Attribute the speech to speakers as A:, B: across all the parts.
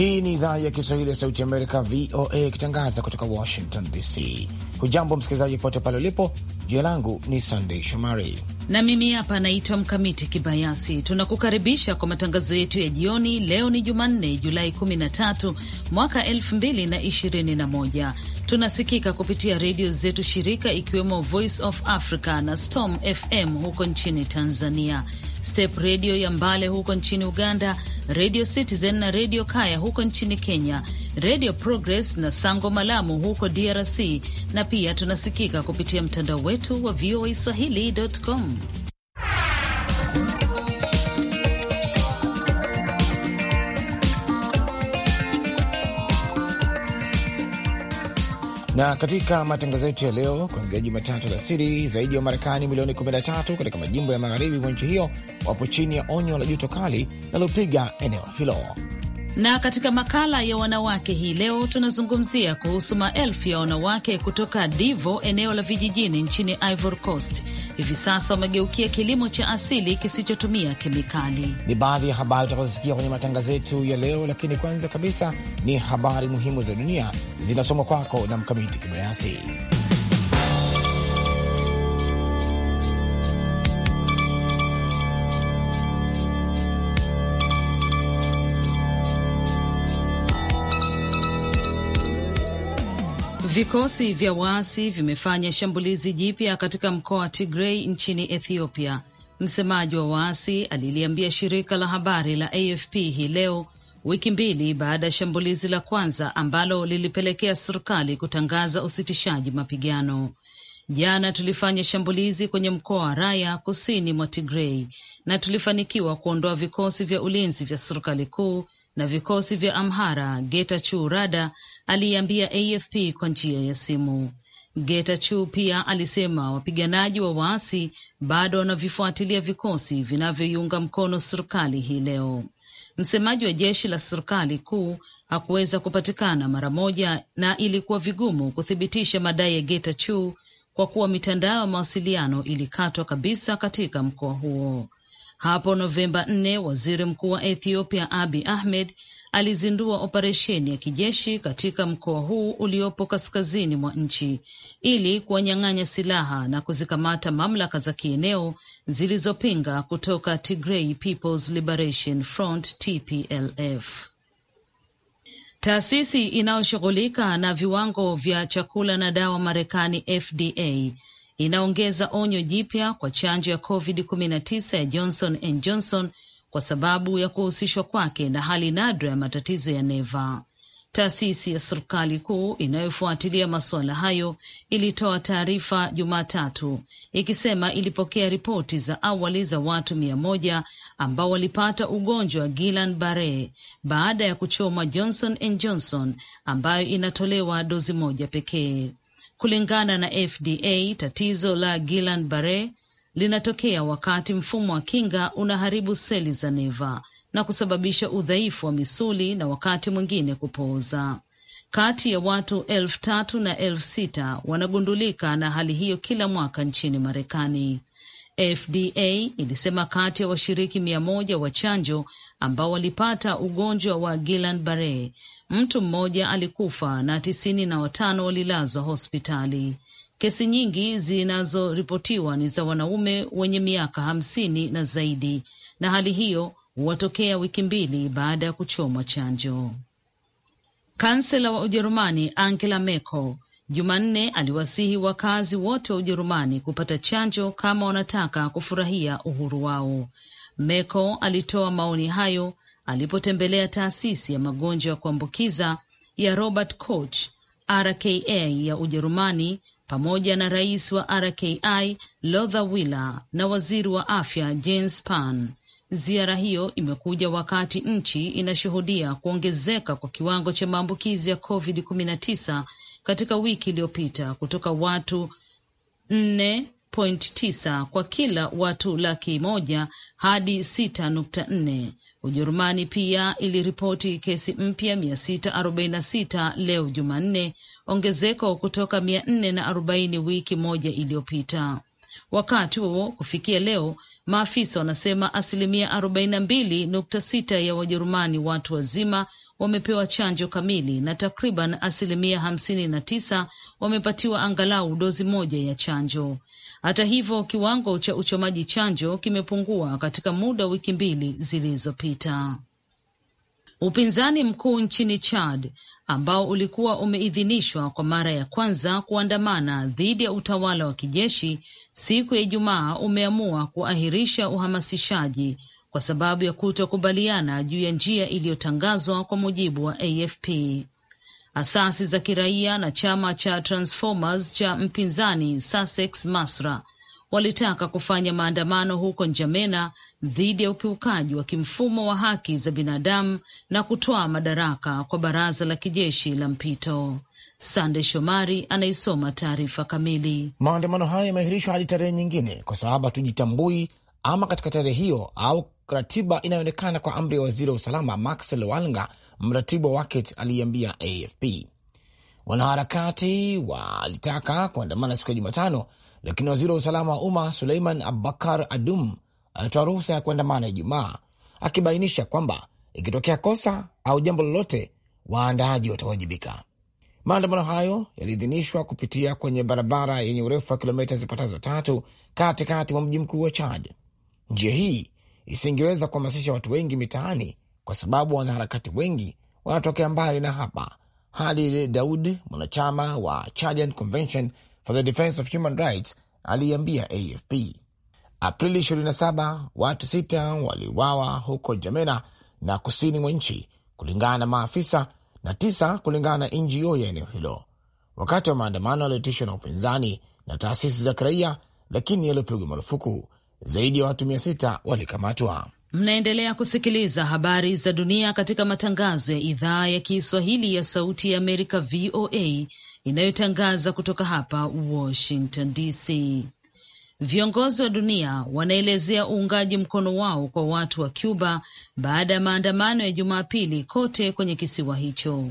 A: Hii ni idhaa ya Kiswahili ya Sauti Amerika, VOA, ikitangaza kutoka Washington DC. Hujambo msikilizaji pote pale ulipo. Jina langu ni Sandei Shomari
B: na mimi hapa naitwa Mkamiti Kibayasi. Tunakukaribisha kwa matangazo yetu ya jioni. Leo ni Jumanne, Julai 13 mwaka 2021. Tunasikika kupitia redio zetu shirika, ikiwemo Voice of Africa na Storm FM huko nchini Tanzania. Step redio ya Mbale huko nchini Uganda, redio Citizen na redio Kaya huko nchini Kenya, redio Progress na Sango Malamu huko DRC, na pia tunasikika kupitia mtandao wetu wa VOA Swahili.com.
A: Na katika matangazo yetu ya leo, kuanzia Jumatatu alasiri, zaidi ya Wamarekani milioni 13 katika majimbo ya magharibi mwa nchi hiyo wapo chini ya onyo la joto kali linalopiga eneo hilo.
B: Na katika makala ya wanawake hii leo tunazungumzia kuhusu maelfu ya wanawake kutoka Divo, eneo la vijijini nchini Ivory Coast, hivi sasa wamegeukia kilimo cha asili kisichotumia kemikali.
A: Ni baadhi ya habari utakazosikia kwenye matangazo yetu ya leo, lakini kwanza kabisa ni habari muhimu za dunia zinasomwa kwako na Mkamiti Kibayasi.
B: Vikosi vya waasi vimefanya shambulizi jipya katika mkoa wa Tigrei nchini Ethiopia. Msemaji wa waasi aliliambia shirika la habari la AFP hii leo, wiki mbili baada ya shambulizi la kwanza ambalo lilipelekea serikali kutangaza usitishaji mapigano. Jana tulifanya shambulizi kwenye mkoa wa Raya kusini mwa Tigrei na tulifanikiwa kuondoa vikosi vya ulinzi vya serikali kuu na vikosi vya Amhara. Getachew Rada aliyeambia AFP kwa njia ya simu. Getachew pia alisema wapiganaji wa waasi bado wanavifuatilia vikosi vinavyoiunga mkono serikali hii leo. Msemaji wa jeshi la serikali kuu hakuweza kupatikana mara moja, na ilikuwa vigumu kuthibitisha madai ya Getachew kwa kuwa mitandao ya mawasiliano ilikatwa kabisa katika mkoa huo. Hapo Novemba 4 waziri mkuu wa Ethiopia Abi Ahmed alizindua operesheni ya kijeshi katika mkoa huu uliopo kaskazini mwa nchi ili kuwanyang'anya silaha na kuzikamata mamlaka za kieneo zilizopinga kutoka Tigray People's Liberation Front TPLF. Taasisi inayoshughulika na viwango vya chakula na dawa Marekani FDA inaongeza onyo jipya kwa chanjo ya COVID-19 ya Johnson and Johnson kwa sababu ya kuhusishwa kwake na hali nadra ya matatizo ya neva. Taasisi ya serikali kuu inayofuatilia masuala hayo ilitoa taarifa Jumatatu ikisema ilipokea ripoti za awali za watu mia moja ambao walipata ugonjwa wa Guillain-Barre baada ya kuchomwa Johnson and Johnson ambayo inatolewa dozi moja pekee. Kulingana na FDA, tatizo la Guillain-Barre linatokea wakati mfumo wa kinga unaharibu seli za neva na kusababisha udhaifu wa misuli na wakati mwingine kupooza. Kati ya watu elfu tatu na elfu sita wanagundulika na hali hiyo kila mwaka nchini Marekani. FDA ilisema kati ya washiriki mia moja wa chanjo ambao walipata ugonjwa wa Guillain Barre Mtu mmoja alikufa na tisini na watano walilazwa hospitali. Kesi nyingi zinazoripotiwa ni za wanaume wenye miaka hamsini na zaidi, na hali hiyo huwatokea wiki mbili baada ya kuchomwa chanjo. Kansela wa Ujerumani Angela Merkel Jumanne aliwasihi wakazi wote wa Ujerumani kupata chanjo kama wanataka kufurahia uhuru wao. Merkel alitoa maoni hayo alipotembelea taasisi ya magonjwa ya kuambukiza ya Robert Koch RKA ya Ujerumani pamoja na rais wa RKI Lothar Wieler na waziri wa afya Jens Spahn. Ziara hiyo imekuja wakati nchi inashuhudia kuongezeka kwa kiwango cha maambukizi ya COVID-19 katika wiki iliyopita kutoka watu nne point tisa kwa kila watu laki moja hadi sita nukta nne. Ujerumani pia iliripoti kesi mpya mia sita arobaini na sita leo Jumanne, ongezeko kutoka mia nne na arobaini wiki moja iliyopita. Wakati huo kufikia leo maafisa wanasema asilimia arobaini na mbili nukta sita ya Wajerumani watu wazima wamepewa chanjo kamili na takriban asilimia hamsini na tisa wamepatiwa angalau dozi moja ya chanjo. Hata hivyo, kiwango cha uchomaji chanjo kimepungua katika muda wa wiki mbili zilizopita. Upinzani mkuu nchini Chad ambao ulikuwa umeidhinishwa kwa mara ya kwanza kuandamana dhidi ya utawala wa kijeshi siku ya Ijumaa umeamua kuahirisha uhamasishaji kwa sababu ya kutokubaliana juu ya njia iliyotangazwa kwa mujibu wa AFP. Asasi za kiraia na chama cha Transformers cha mpinzani Sassex Masra walitaka kufanya maandamano huko Njamena dhidi ya ukiukaji wa kimfumo wa haki za binadamu na kutoa madaraka kwa baraza la kijeshi la mpito. Sande Shomari anaisoma taarifa kamili. Maandamano hayo yameahirishwa hadi tarehe nyingine kwa sababu hatujitambui ama katika tarehe
A: hiyo au ratiba inayoonekana kwa amri ya waziri wa usalama Max Lwalnga, mratibu wa wakit aliyeambia AFP. Wanaharakati walitaka kuandamana siku ya Jumatano, lakini waziri wa usalama wa umma Suleiman Abubakar Adum alitoa ruhusa ya kuandamana Ijumaa, akibainisha kwamba ikitokea kosa au jambo lolote, waandaaji watawajibika. Maandamano hayo yaliidhinishwa kupitia kwenye barabara yenye urefu wa kilomita zipatazo tatu katikati mwa mji mkuu wa Chad. Njia hii isingeweza kuhamasisha watu wengi mitaani kwa sababu wanaharakati wengi wanatokea mbali na hapa. Halil Daud, mwanachama wa Chadian Convention for the Defense of Human Rights, aliiambia AFP Aprili 27 watu sita waliuawa huko Jamena na kusini mwa nchi kulingana na maafisa na tisa kulingana na NGO ya eneo hilo, wakati wa maandamano yaliyoitishwa na upinzani na taasisi za kiraia, lakini yaliyopigwa marufuku zaidi ya watu mia sita walikamatwa.
B: Mnaendelea kusikiliza habari za dunia katika matangazo ya idhaa ya Kiswahili ya Sauti ya Amerika, VOA, inayotangaza kutoka hapa Washington DC. Viongozi wa dunia wanaelezea uungaji mkono wao kwa watu wa Cuba baada ya maandamano ya Jumapili kote kwenye kisiwa hicho.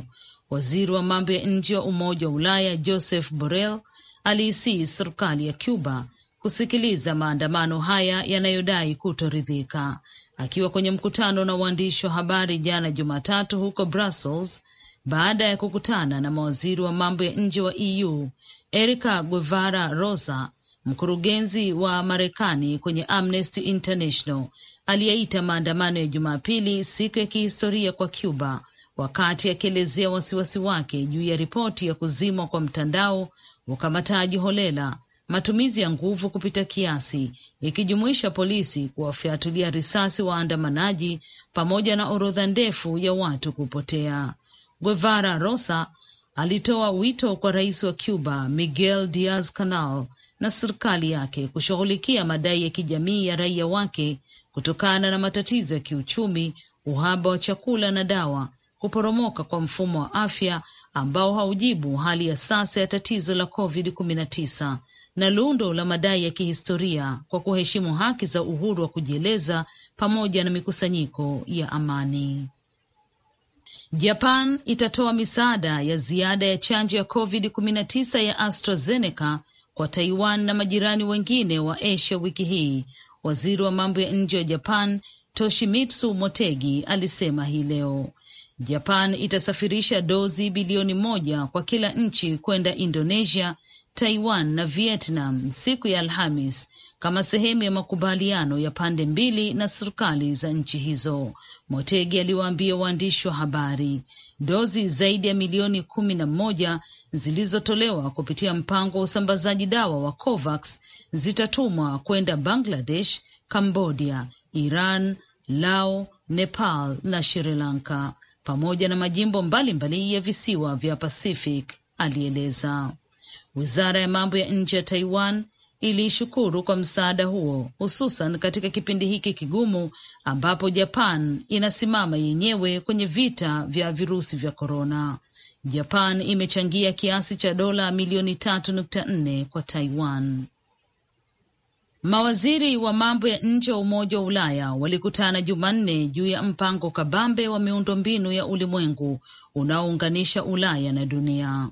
B: Waziri wa mambo ya nje wa Umoja wa Ulaya Joseph Borrell aliisii serikali ya Cuba kusikiliza maandamano haya yanayodai kutoridhika. Akiwa kwenye mkutano na waandishi wa habari jana Jumatatu huko Brussels, baada ya kukutana na mawaziri wa mambo ya nje wa EU Erika Guevara Rosa, mkurugenzi wa Marekani kwenye Amnesty International aliyeita maandamano ya Jumapili siku ya kihistoria kwa Cuba, wakati akielezea wasiwasi wake juu ya ripoti ya kuzimwa kwa mtandao, ukamataji holela matumizi ya nguvu kupita kiasi, ikijumuisha polisi kuwafyatulia risasi waandamanaji, pamoja na orodha ndefu ya watu kupotea. Guevara Rosa alitoa wito kwa rais wa Cuba Miguel Diaz Canal na serikali yake kushughulikia madai ya kijamii ya raia wake kutokana na matatizo ya kiuchumi, uhaba wa chakula na dawa, kuporomoka kwa mfumo wa afya ambao haujibu hali ya sasa ya tatizo la COVID-19 na lundo la madai ya kihistoria kwa kuheshimu haki za uhuru wa kujieleza pamoja na mikusanyiko ya amani. Japan itatoa misaada ya ziada ya chanjo ya COVID-19 ya AstraZeneca kwa Taiwan na majirani wengine wa Asia wiki hii, waziri wa mambo ya nje wa Japan Toshimitsu Motegi alisema hii leo. Japan itasafirisha dozi bilioni moja kwa kila nchi kwenda Indonesia Taiwan na Vietnam siku ya Alhamis kama sehemu ya makubaliano ya pande mbili na serikali za nchi hizo. Motegi aliwaambia waandishi wa habari dozi zaidi ya milioni kumi na moja zilizotolewa kupitia mpango wa usambazaji dawa wa COVAX zitatumwa kwenda Bangladesh, Cambodia, Iran, Lao, Nepal na Sri Lanka pamoja na majimbo mbalimbali mbali ya visiwa vya Pacific, alieleza. Wizara ya mambo ya nje ya Taiwan iliishukuru kwa msaada huo, hususan katika kipindi hiki kigumu ambapo Japan inasimama yenyewe kwenye vita vya virusi vya korona. Japan imechangia kiasi cha dola milioni tatu nukta nne kwa Taiwan. Mawaziri wa mambo ya nje wa Umoja wa Ulaya walikutana Jumanne juu ya mpango kabambe wa miundombinu ya ulimwengu unaounganisha Ulaya na dunia.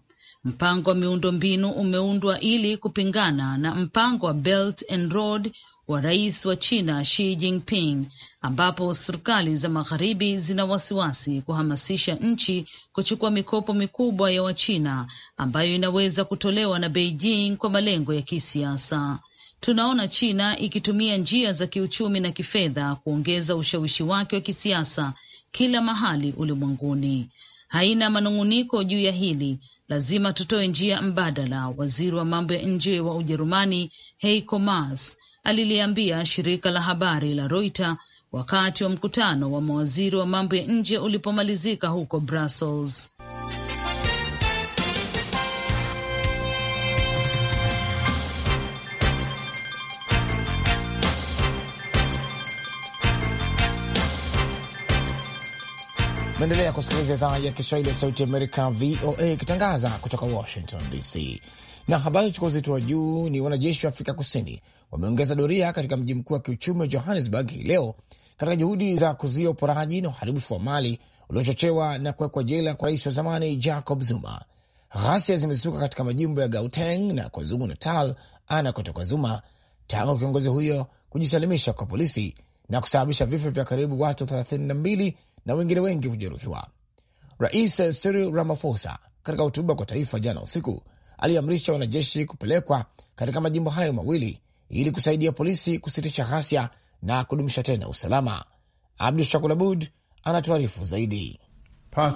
B: Mpango wa miundombinu umeundwa ili kupingana na mpango wa Belt and Road wa rais wa China Xi Jinping, ambapo serikali za magharibi zina wasiwasi kuhamasisha nchi kuchukua mikopo mikubwa ya Wachina ambayo inaweza kutolewa na Beijing kwa malengo ya kisiasa. Tunaona China ikitumia njia za kiuchumi na kifedha kuongeza ushawishi wake wa kisiasa kila mahali ulimwenguni haina manung'uniko juu ya hili, lazima tutoe njia mbadala, waziri wa mambo ya nje wa Ujerumani Heiko Maas aliliambia shirika la habari la Reuters wakati wa mkutano wa mawaziri wa mambo ya nje ulipomalizika huko Brussels.
A: Naendelea kusikiliza idhaa ya Kiswahili ya Sauti Amerika, VOA, ikitangaza kutoka Washington DC. Na habari chukua uzito wa juu ni wanajeshi wa Afrika Kusini wameongeza doria katika mji mkuu wa kiuchumi wa Johannesburg hii leo katika juhudi za kuzuia uporaji na uharibifu wa mali uliochochewa na kuwekwa jela kwa rais wa zamani Jacob Zuma. Ghasia zimezuka katika majimbo ya Gauteng na KwaZulu Natal anakotoka Zuma tangu kiongozi huyo kujisalimisha kwa polisi na kusababisha vifo vya karibu watu 32 na wengine wengi kujeruhiwa. Rais Cyril Ramaphosa katika hotuba kwa taifa jana usiku aliamrisha wanajeshi kupelekwa katika majimbo hayo mawili ili kusaidia polisi kusitisha ghasia na kudumisha tena
C: usalama. Abdu Shakur Abud anatuarifu zaidi. Rais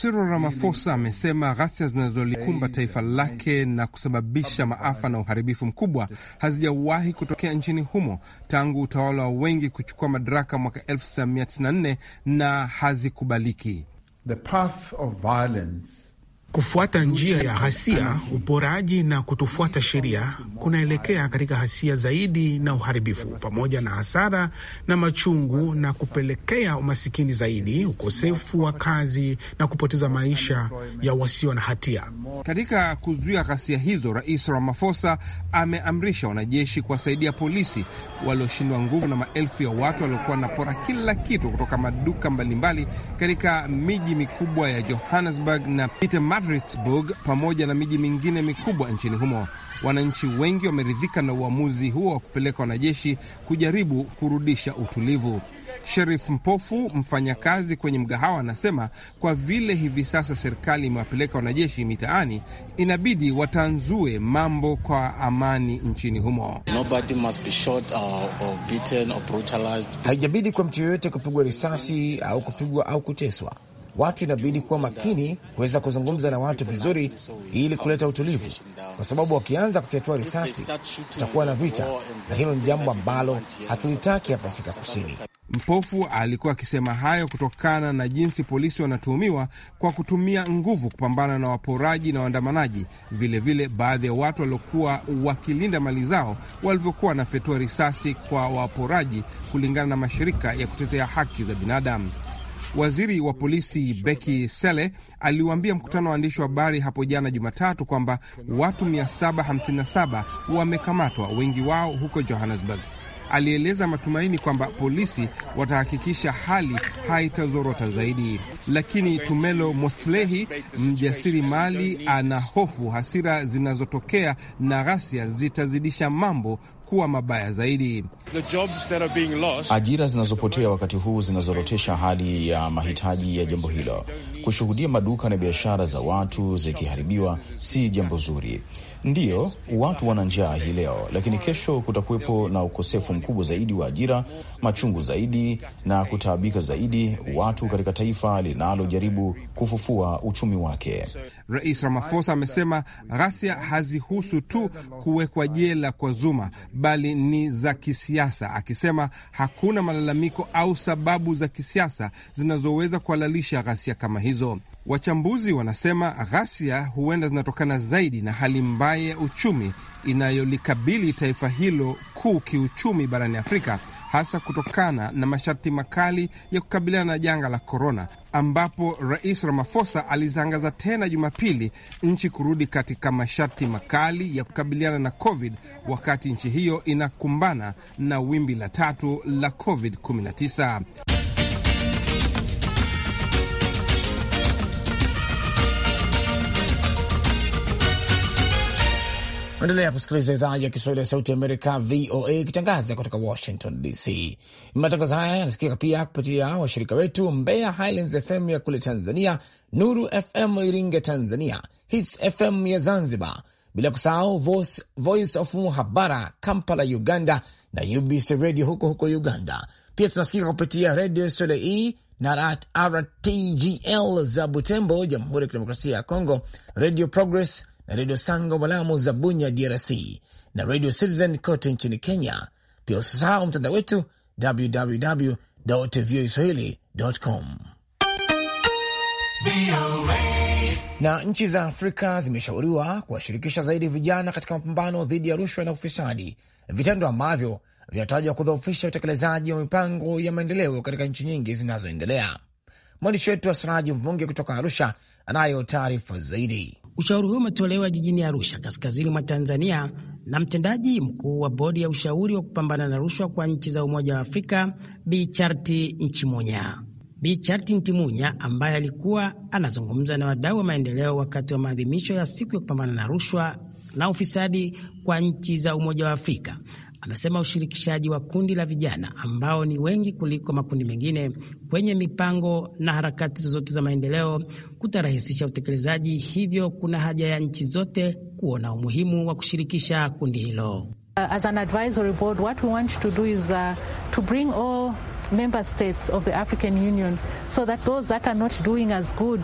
C: Cyril Ramaphosa amesema ghasia zinazolikumba taifa lake na kusababisha maafa na uharibifu mkubwa hazijawahi kutokea nchini humo tangu utawala wa wengi kuchukua madaraka mwaka 1994 na hazikubaliki. The path of violence Kufuata njia ya ghasia, uporaji na kutofuata sheria kunaelekea katika ghasia zaidi na uharibifu, pamoja na hasara na machungu, na kupelekea umasikini zaidi, ukosefu wa kazi na kupoteza maisha ya wasio na hatia. Katika kuzuia ghasia hizo, Rais Ramaphosa ameamrisha wanajeshi kuwasaidia polisi walioshindwa nguvu na maelfu ya watu waliokuwa wanapora kila kitu kutoka maduka mbalimbali katika miji mikubwa ya Johannesburg na Fredericksburg pamoja na miji mingine mikubwa nchini humo. Wananchi wengi wameridhika na uamuzi huo wa kupeleka wanajeshi kujaribu kurudisha utulivu. Sherif Mpofu, mfanyakazi kwenye mgahawa, anasema kwa vile hivi sasa serikali imewapeleka wanajeshi mitaani, inabidi watanzue mambo kwa amani nchini humo.
A: Haijabidi kwa mtu yoyote kupigwa risasi au kupigwa au kuteswa watu inabidi kuwa makini kuweza kuzungumza na watu vizuri, ili kuleta utulivu, kwa
C: sababu wakianza kufyatua risasi tutakuwa na vita, na hilo ni jambo ambalo hatulitaki hapa Afrika Kusini. Mpofu alikuwa akisema hayo kutokana na jinsi polisi wanatuhumiwa kwa kutumia nguvu kupambana na waporaji na waandamanaji, vilevile baadhi ya watu waliokuwa wakilinda mali zao walivyokuwa wanafyatua risasi kwa waporaji, kulingana na mashirika ya kutetea haki za binadamu. Waziri wa polisi Beki Sele aliwaambia mkutano wa waandishi wa habari hapo jana Jumatatu kwamba watu 757 wamekamatwa, wengi wao huko Johannesburg. Alieleza matumaini kwamba polisi watahakikisha hali haitazorota zaidi, lakini Tumelo moslehi mjasiri mali, ana hofu hasira zinazotokea na ghasia zitazidisha mambo kuwa mabaya zaidi.
A: Ajira zinazopotea wakati huu zinazorotesha hali ya mahitaji ya jambo hilo. Kushuhudia maduka na biashara za watu zikiharibiwa si jambo zuri. Ndiyo, watu wana njaa hii leo, lakini kesho kutakuwepo na ukosefu mkubwa zaidi wa ajira,
C: machungu zaidi na kutaabika zaidi watu katika taifa linalojaribu kufufua uchumi wake. Rais Ramaphosa amesema ghasia hazihusu tu kuwekwa jela kwa Zuma bali ni za kisiasa, akisema hakuna malalamiko au sababu za kisiasa zinazoweza kuhalalisha ghasia kama hizo. Wachambuzi wanasema ghasia huenda zinatokana zaidi na hali mbaya ya uchumi inayolikabili taifa hilo kuu kiuchumi barani Afrika hasa kutokana na masharti makali ya kukabiliana na janga la korona, ambapo Rais Ramaphosa alizangaza tena Jumapili nchi kurudi katika masharti makali ya kukabiliana na COVID wakati nchi hiyo inakumbana na wimbi la tatu la COVID-19.
A: Endelea kusikiliza idhaa ya Kiswahili ya Sauti Amerika, VOA, ikitangaza kutoka Washington DC. Matangazo haya yanasikika pia kupitia washirika wetu Mbeya Highlands FM ya kule Tanzania, Nuru FM Iringe Tanzania, Hits FM ya Zanzibar, bila kusahau Voice, Voice of Muhabara Kampala Uganda na UBC Radio huko huko Uganda. Pia tunasikika kupitia Radio Soleil e na RTGL za Butembo, Jamhuri ya Kidemokrasia ya Kongo, Radio Progress na redio Sango Malamu za Bunya, DRC, na redio Citizen kote nchini Kenya. Pia usisahau mtandao wetu www voa swahili com. Na nchi za Afrika zimeshauriwa kuwashirikisha zaidi vijana katika mapambano dhidi ya rushwa na ufisadi, vitendo ambavyo vinatajwa kudhoofisha utekelezaji wa mipango ya maendeleo katika nchi nyingi zinazoendelea. Mwandishi wetu Asiraji Mvunge kutoka Arusha anayo taarifa zaidi. Ushauri huo umetolewa jijini Arusha, kaskazini
D: mwa Tanzania, na mtendaji mkuu wa bodi ya ushauri wa kupambana na rushwa kwa nchi za Umoja wa Afrika, Bi Charti Nchimunya. Bi Charti Ntimunya, ambaye alikuwa anazungumza na wadau wa maendeleo wakati wa maadhimisho ya siku ya kupambana na rushwa na ufisadi kwa nchi za Umoja wa Afrika, Amesema ushirikishaji wa kundi la vijana ambao ni wengi kuliko makundi mengine kwenye mipango na harakati zozote za maendeleo kutarahisisha utekelezaji, hivyo kuna haja ya nchi zote kuona umuhimu wa kushirikisha kundi hilo. Uh,
E: as an advisory board, what we want to do is, uh, to bring all member states of the African Union so that those that are not doing as good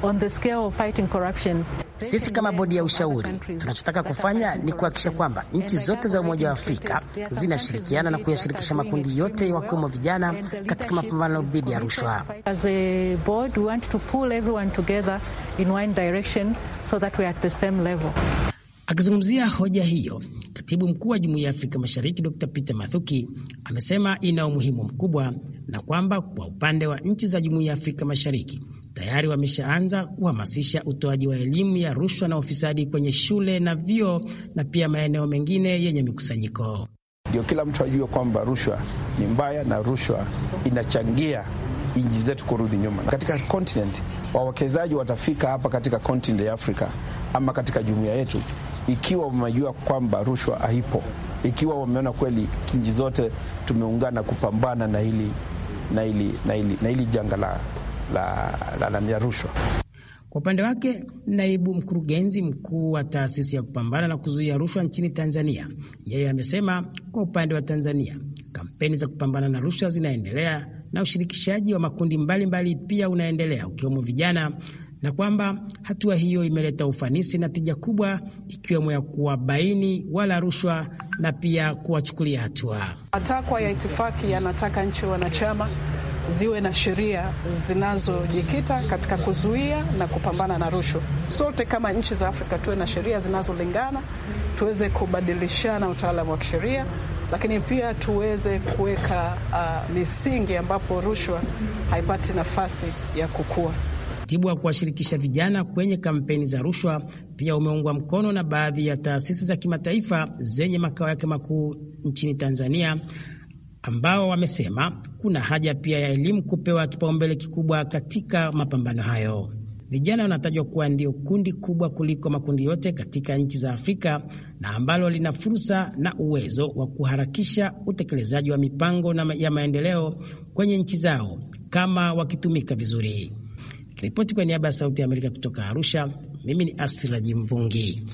E: On the scale of fighting corruption,
D: sisi kama bodi ya ushauri tunachotaka kufanya ni kuhakikisha kwamba nchi zote za Umoja wa Afrika zinashirikiana na kuyashirikisha makundi yote wakiwemo vijana katika mapambano dhidi ya rushwa. Akizungumzia hoja hiyo, katibu mkuu wa Jumuiya ya Afrika Mashariki Dr. Peter Mathuki amesema ina umuhimu mkubwa na kwamba kwa upande wa nchi za Jumuiya ya Afrika Mashariki tayari wameshaanza kuhamasisha utoaji wa elimu ya rushwa na ufisadi kwenye shule na vyuo na pia maeneo mengine yenye mikusanyiko.
C: Ndio kila mtu ajue kwamba rushwa ni mbaya na rushwa inachangia nchi zetu kurudi nyuma katika continent. Wawekezaji watafika hapa katika continent ya Afrika ama katika jumuiya yetu ikiwa wamejua kwamba rushwa haipo, ikiwa wameona kweli kinji zote tumeungana kupambana na hili na hili na hili na hili janga la la, la, la, la rushwa.
D: Kwa upande wake naibu mkurugenzi mkuu wa taasisi ya kupambana na kuzuia rushwa nchini Tanzania, yeye amesema kwa upande wa Tanzania kampeni za kupambana na rushwa zinaendelea na ushirikishaji wa makundi mbalimbali mbali pia unaendelea ukiwemo vijana, na kwamba hatua hiyo imeleta ufanisi na tija kubwa, ikiwemo ya kuwabaini wala rushwa na pia kuwachukulia hatua.
E: Matakwa ya itifaki
D: yanataka nchi wanachama ziwe na sheria zinazojikita katika kuzuia na kupambana na rushwa. Sote kama nchi za Afrika tuwe na sheria zinazolingana, tuweze kubadilishana utaalamu wa kisheria, lakini pia tuweze kuweka uh, misingi ambapo rushwa haipati nafasi ya kukua. Utaratibu wa kuwashirikisha vijana kwenye kampeni za rushwa pia umeungwa mkono na baadhi ya taasisi za kimataifa zenye makao yake makuu nchini Tanzania ambao wamesema kuna haja pia ya elimu kupewa kipaumbele kikubwa katika mapambano hayo. Vijana wanatajwa kuwa ndio kundi kubwa kuliko makundi yote katika nchi za Afrika na ambalo lina fursa na uwezo wa kuharakisha utekelezaji wa mipango na ya maendeleo kwenye nchi zao kama wakitumika vizuri. Kiripoti kwa niaba ya Sauti ya Amerika kutoka Arusha, mimi ni Asiraji Mvungi.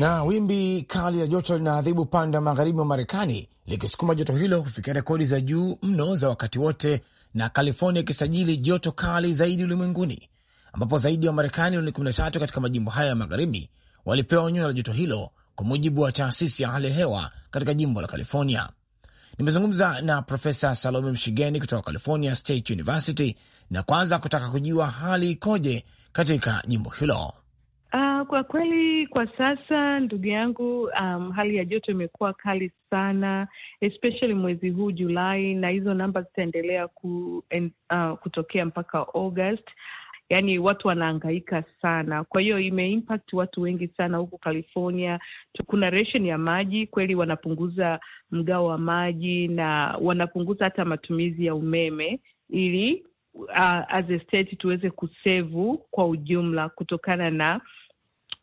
A: Na wimbi kali la joto linaadhibu upande wa magharibi wa Marekani likisukuma joto hilo kufikia rekodi za juu mno za wakati wote, na California ikisajili joto kali zaidi ulimwenguni, ambapo zaidi ya Wamarekani milioni 13 katika majimbo haya ya magharibi walipewa onyo la joto hilo, kwa mujibu wa taasisi ya hali ya hewa katika jimbo la California. Nimezungumza na Profesa Salome Mshigeni kutoka California State University, na kwanza kutaka kujua hali ikoje katika jimbo hilo.
E: Uh, kwa kweli kwa sasa ndugu yangu, um, hali ya joto imekuwa kali sana especially mwezi huu Julai, na hizo namba zitaendelea ku, uh, kutokea mpaka August. yani watu wanaangaika sana, kwa hiyo imeimpact watu wengi sana huku California. Kuna ration ya maji kweli, wanapunguza mgao wa maji na wanapunguza hata matumizi ya umeme ili uh, as a state tuweze kusevu kwa ujumla kutokana na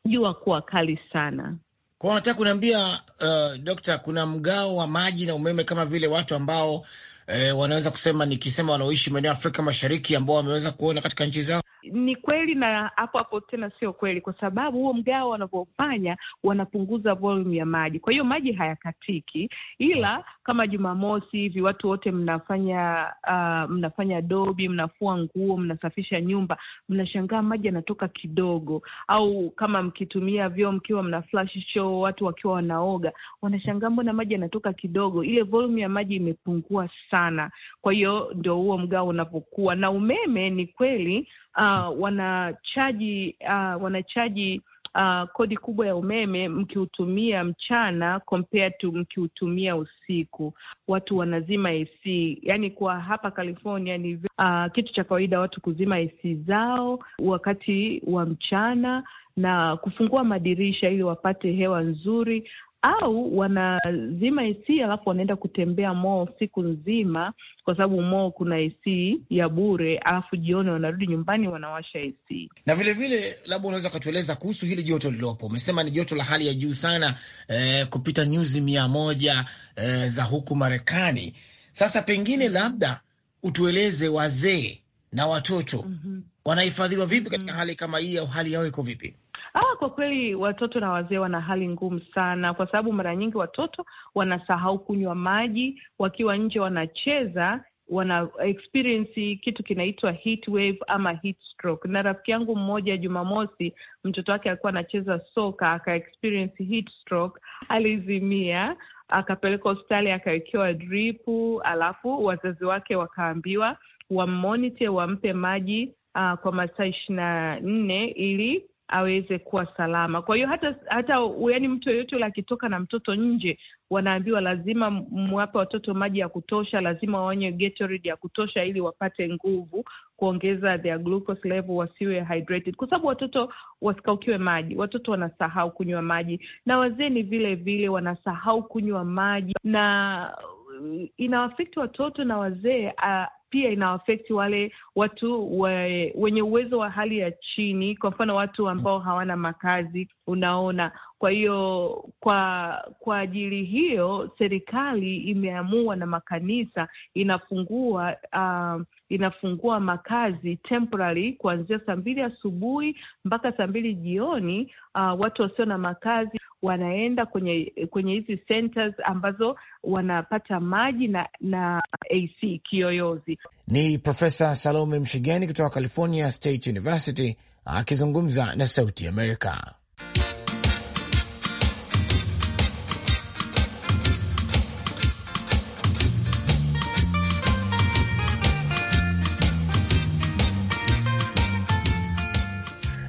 E: jua kuwa kali sana.
A: Kwa nataka kuniambia uh, dokta, kuna mgao wa maji na umeme kama vile watu ambao e, wanaweza kusema nikisema wanaoishi maeneo ya Afrika Mashariki ambao wameweza kuona katika nchi zao
E: ni kweli, na hapo hapo tena sio kweli, kwa sababu huo mgao wanavyofanya wanapunguza volume ya maji, kwa hiyo maji hayakatiki, ila kama Jumamosi hivi watu wote mnafanya uh, mnafanya dobi, mnafua nguo, mnasafisha nyumba, mnashangaa maji yanatoka kidogo, au kama mkitumia vyoo mkiwa mna flash show, watu wakiwa wanaoga wanashangaa mbona maji yanatoka kidogo, ile volume ya maji imepungua sana sana. Kwa hiyo ndio huo mgao unapokuwa na umeme. Ni kweli uh, wanachaji uh, wanachaji uh, kodi kubwa ya umeme mkiutumia mchana compared to mkiutumia usiku. Watu wanazima AC, yani kwa hapa California ni uh, kitu cha kawaida watu kuzima AC zao wakati wa mchana na kufungua madirisha ili wapate hewa nzuri au wanazima AC alafu wanaenda kutembea moo siku nzima, kwa sababu moo kuna AC ya bure, alafu jioni wanarudi nyumbani wanawasha AC.
A: Na vilevile, labda unaweza ukatueleza kuhusu hili joto lililopo. Umesema ni joto la hali ya juu sana eh, kupita nyuzi mia moja eh, za huku Marekani. Sasa pengine labda utueleze wazee na watoto mm -hmm. wanahifadhiwa vipi katika mm -hmm. hali kama hii, au hali yao iko vipi?
E: Ah, kwa kweli watoto na wazee wana hali ngumu sana, kwa sababu mara nyingi watoto wanasahau kunywa maji, wakiwa nje wanacheza wana experience kitu kinaitwa heat wave ama heat stroke. Na rafiki yangu mmoja Jumamosi, mtoto wake alikuwa anacheza soka aka experience heat stroke, alizimia akapelekwa hospitali akawekewa dripu, alafu wazazi wake wakaambiwa wamonite, wampe maji uh, kwa masaa ishirini na nne ili aweze kuwa salama. Kwa hiyo hata hata yaani, mtu yoyote ule akitoka na mtoto nje, wanaambiwa lazima mwape watoto maji ya kutosha, lazima wanywe Gatorade ya kutosha ili wapate nguvu, kuongeza their glucose level, wasiwe hydrated, kwa sababu watoto wasikaukiwe maji. Watoto wanasahau kunywa maji, na wazee ni vile vile wanasahau kunywa maji na mm, inawafikti watoto na wazee ah, pia ina wale watu we, wenye uwezo wa hali ya chini, kwa mfano watu ambao hawana makazi, unaona. Kwa hiyo kwa kwa ajili hiyo serikali imeamua na makanisa inafungua uh, inafungua makazi temporary kuanzia saa mbili asubuhi mpaka saa mbili jioni, uh, watu wasio na makazi wanaenda kwenye kwenye hizi centers ambazo wanapata maji na, na AC
A: kiyoyozi. Ni Profesa Salome Mshigeni kutoka California State University akizungumza na Sauti Amerika.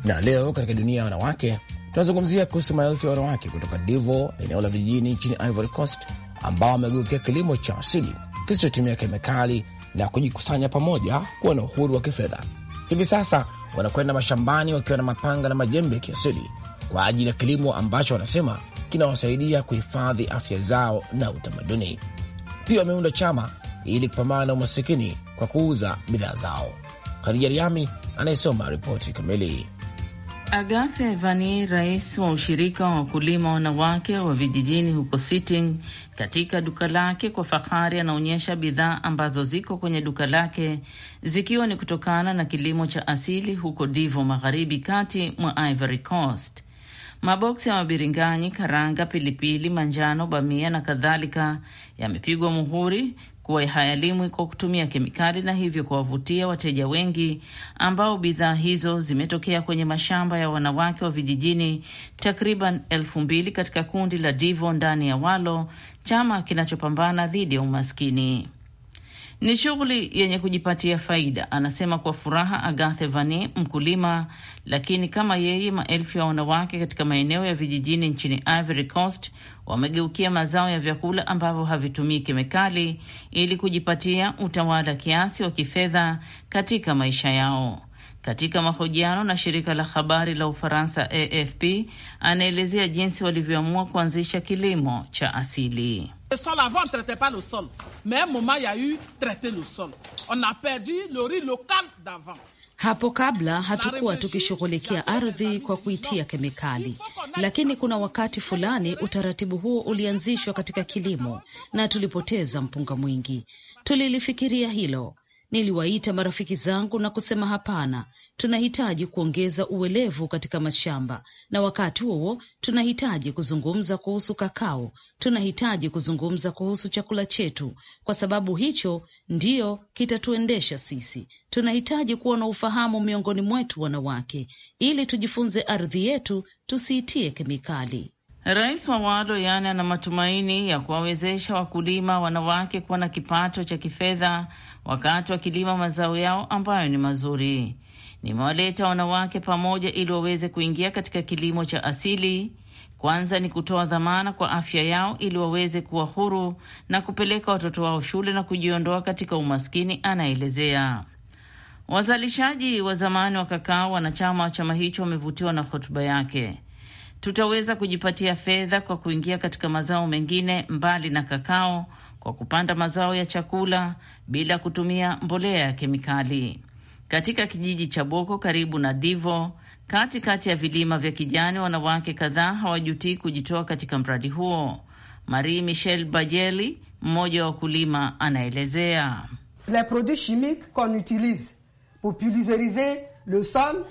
A: Na leo katika dunia ya wanawake Tunazungumzia kuhusu maelfu ya wanawake kutoka Divo, eneo la vijijini nchini Ivory Coast, ambao wamegeukia kilimo cha asili kisichotumia kemikali na kujikusanya pamoja kuwa na uhuru wa kifedha. Hivi sasa wanakwenda mashambani wakiwa na mapanga na majembe ya kiasili kwa ajili ya kilimo ambacho wanasema kinawasaidia kuhifadhi afya zao na utamaduni. Pia wameunda chama ili kupambana na umasikini kwa kuuza bidhaa zao. Khadija Riami anayesoma ripoti kamili.
F: Agathe Vani, rais wa ushirika wa wakulima wanawake wa vijijini huko Siting, katika duka lake kwa fahari anaonyesha bidhaa ambazo ziko kwenye duka lake zikiwa ni kutokana na kilimo cha asili huko Divo, magharibi kati mwa Ivory Coast. Maboksi ya mabiringanyi, karanga, pilipili manjano, bamia na kadhalika yamepigwa muhuri kuwa hayalimwi kwa kutumia kemikali na hivyo kuwavutia wateja wengi ambao bidhaa hizo zimetokea kwenye mashamba ya wanawake wa vijijini takriban elfu mbili katika kundi la Divo ndani ya Walo, chama kinachopambana dhidi ya umaskini. Ni shughuli yenye kujipatia faida, anasema kwa furaha Agathe Vani, mkulima. Lakini kama yeye, maelfu ya wanawake katika maeneo ya vijijini nchini Ivory Coast wamegeukia mazao ya vyakula ambavyo havitumii kemikali ili kujipatia utawala kiasi wa kifedha katika maisha yao. Katika mahojiano na shirika la habari la Ufaransa AFP, anaelezea jinsi walivyoamua kuanzisha kilimo cha asili.
B: Hapo kabla hatukuwa tukishughulikia ardhi kwa kuitia kemikali, lakini kuna wakati fulani utaratibu huo ulianzishwa katika kilimo na tulipoteza mpunga mwingi. Tulilifikiria hilo Niliwaita marafiki zangu na kusema hapana, tunahitaji kuongeza uelevu katika mashamba, na wakati huo tunahitaji kuzungumza kuhusu kakao, tunahitaji kuzungumza kuhusu chakula chetu, kwa sababu hicho ndiyo kitatuendesha sisi. Tunahitaji kuwa na ufahamu miongoni mwetu wanawake, ili tujifunze ardhi yetu, tusiitie kemikali.
F: Rais wa Wado yani ana matumaini ya kuwawezesha wakulima wanawake kuwa na kipato cha kifedha wakati wakilima mazao yao ambayo ni mazuri. Nimewaleta wanawake pamoja ili waweze kuingia katika kilimo cha asili. Kwanza ni kutoa dhamana kwa afya yao ili waweze kuwa huru na kupeleka watoto wao shule na kujiondoa katika umaskini, anaelezea. Wazalishaji wa zamani wa kakao wanachama wa chama hicho wamevutiwa na hotuba yake. Tutaweza kujipatia fedha kwa kuingia katika mazao mengine mbali na kakao kwa kupanda mazao ya chakula bila kutumia mbolea ya kemikali katika kijiji cha Boko karibu na Divo katikati kati ya vilima vya kijani. Wanawake kadhaa hawajutii kujitoa katika mradi huo. Marie Michel Bajeli, mmoja wa wakulima, anaelezea
D: les produits chimiques qu'on utilise pour pulveriser le sol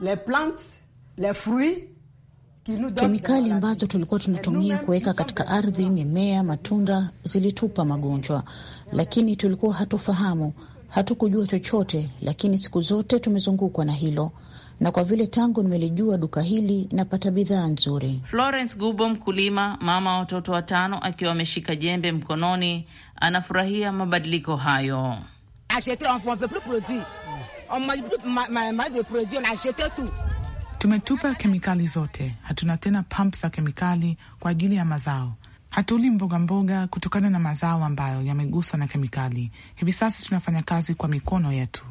D: les plantes les fruits
F: Kemikali ambazo tulikuwa tunatumia kuweka katika ardhi, mimea, matunda zilitupa magonjwa, lakini tulikuwa hatufahamu, hatukujua chochote, lakini siku zote tumezungukwa na hilo na kwa vile tangu nimelijua duka hili napata bidhaa nzuri. Florence Gubo, mkulima, mama wa watoto watano, akiwa ameshika jembe mkononi, anafurahia mabadiliko hayo.
E: Tumetupa kemikali zote, hatuna tena pamp za kemikali kwa ajili ya mazao. Hatuli mboga mboga kutokana na mazao ambayo yameguswa na kemikali. Hivi sasa tunafanya kazi kwa mikono yetu.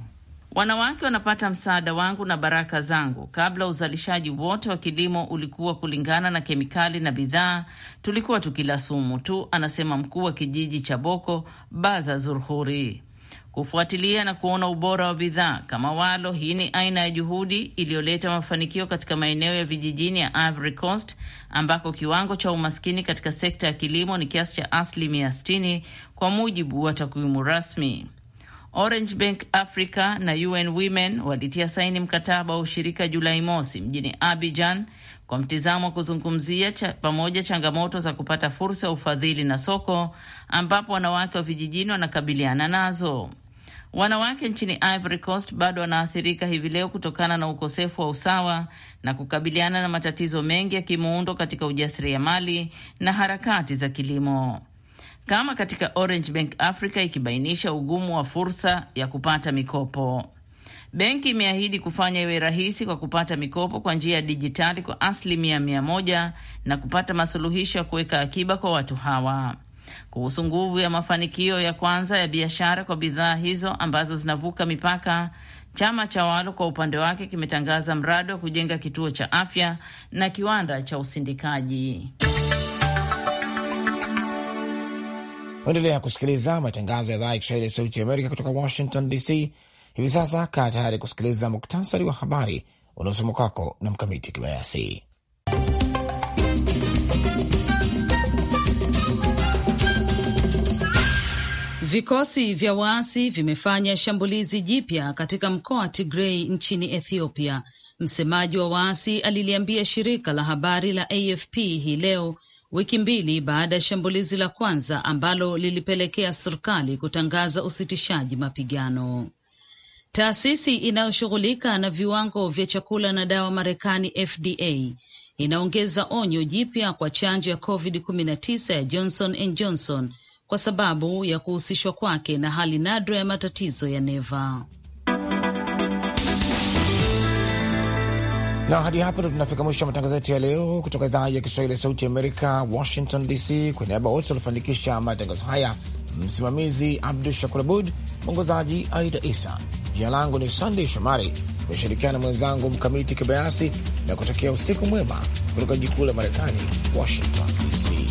F: Wanawake wanapata msaada wangu na baraka zangu. Kabla uzalishaji wote wa kilimo ulikuwa kulingana na kemikali na bidhaa, tulikuwa tukila sumu tu, anasema mkuu wa kijiji cha Boko Baza Zurhuri kufuatilia na kuona ubora wa bidhaa kama walo. Hii ni aina ya juhudi iliyoleta mafanikio katika maeneo ya vijijini ya Ivory Coast ambako kiwango cha umaskini katika sekta ya kilimo ni kiasi cha asilimia 60 kwa mujibu wa takwimu rasmi. Orange Bank Africa na UN Women walitia saini mkataba wa ushirika Julai mosi mjini Abidjan kwa mtizamo wa kuzungumzia cha, pamoja changamoto za kupata fursa ya ufadhili na soko ambapo wanawake wa vijijini wanakabiliana nazo. Wanawake nchini Ivory Coast bado wanaathirika hivi leo kutokana na ukosefu wa usawa na kukabiliana na matatizo mengi ya kimuundo katika ujasiriamali na harakati za kilimo. Kama katika Orange Bank Africa ikibainisha ugumu wa fursa ya kupata mikopo. Benki imeahidi kufanya iwe rahisi kwa kupata mikopo kwa njia ya dijitali kwa asilimia mia moja na kupata masuluhisho ya kuweka akiba kwa watu hawa. Kuhusu nguvu ya mafanikio ya kwanza ya biashara kwa bidhaa hizo ambazo zinavuka mipaka, chama cha Walo kwa upande wake kimetangaza mradi wa kujenga kituo cha afya na kiwanda cha usindikaji.
A: Endelea kusikiliza matangazo ya idhaa ya Kiswahili ya Sauti ya Amerika kutoka Washington DC. Hivi sasa kaa tayari kusikiliza muktasari wa habari unaosoma kwako na Mkamiti Kibayasi.
B: Vikosi vya waasi vimefanya shambulizi jipya katika mkoa wa Tigrei nchini Ethiopia. Msemaji wa waasi aliliambia shirika la habari la AFP hii leo, wiki mbili baada ya shambulizi la kwanza ambalo lilipelekea serikali kutangaza usitishaji mapigano. Taasisi inayoshughulika na viwango vya chakula na dawa Marekani, FDA, inaongeza onyo jipya kwa chanjo ya COVID-19 ya Johnson and Johnson kwa sababu ya kuhusishwa kwake na hali nadra ya matatizo ya neva.
A: Na hadi hapa ndo tunafika mwisho wa matangazo yetu ya leo kutoka idhaa ya Kiswahili ya Sauti Amerika, Washington DC. Kwa niaba wote waliofanikisha matangazo haya, msimamizi Abdu Shakur Abud, mwongozaji Aida Isa. Jina langu ni Sandey Shomari, imeshirikiana na mwenzangu Mkamiti Kibayasi na kutokea usiku mwema kutoka jikuu la Marekani, Washington DC.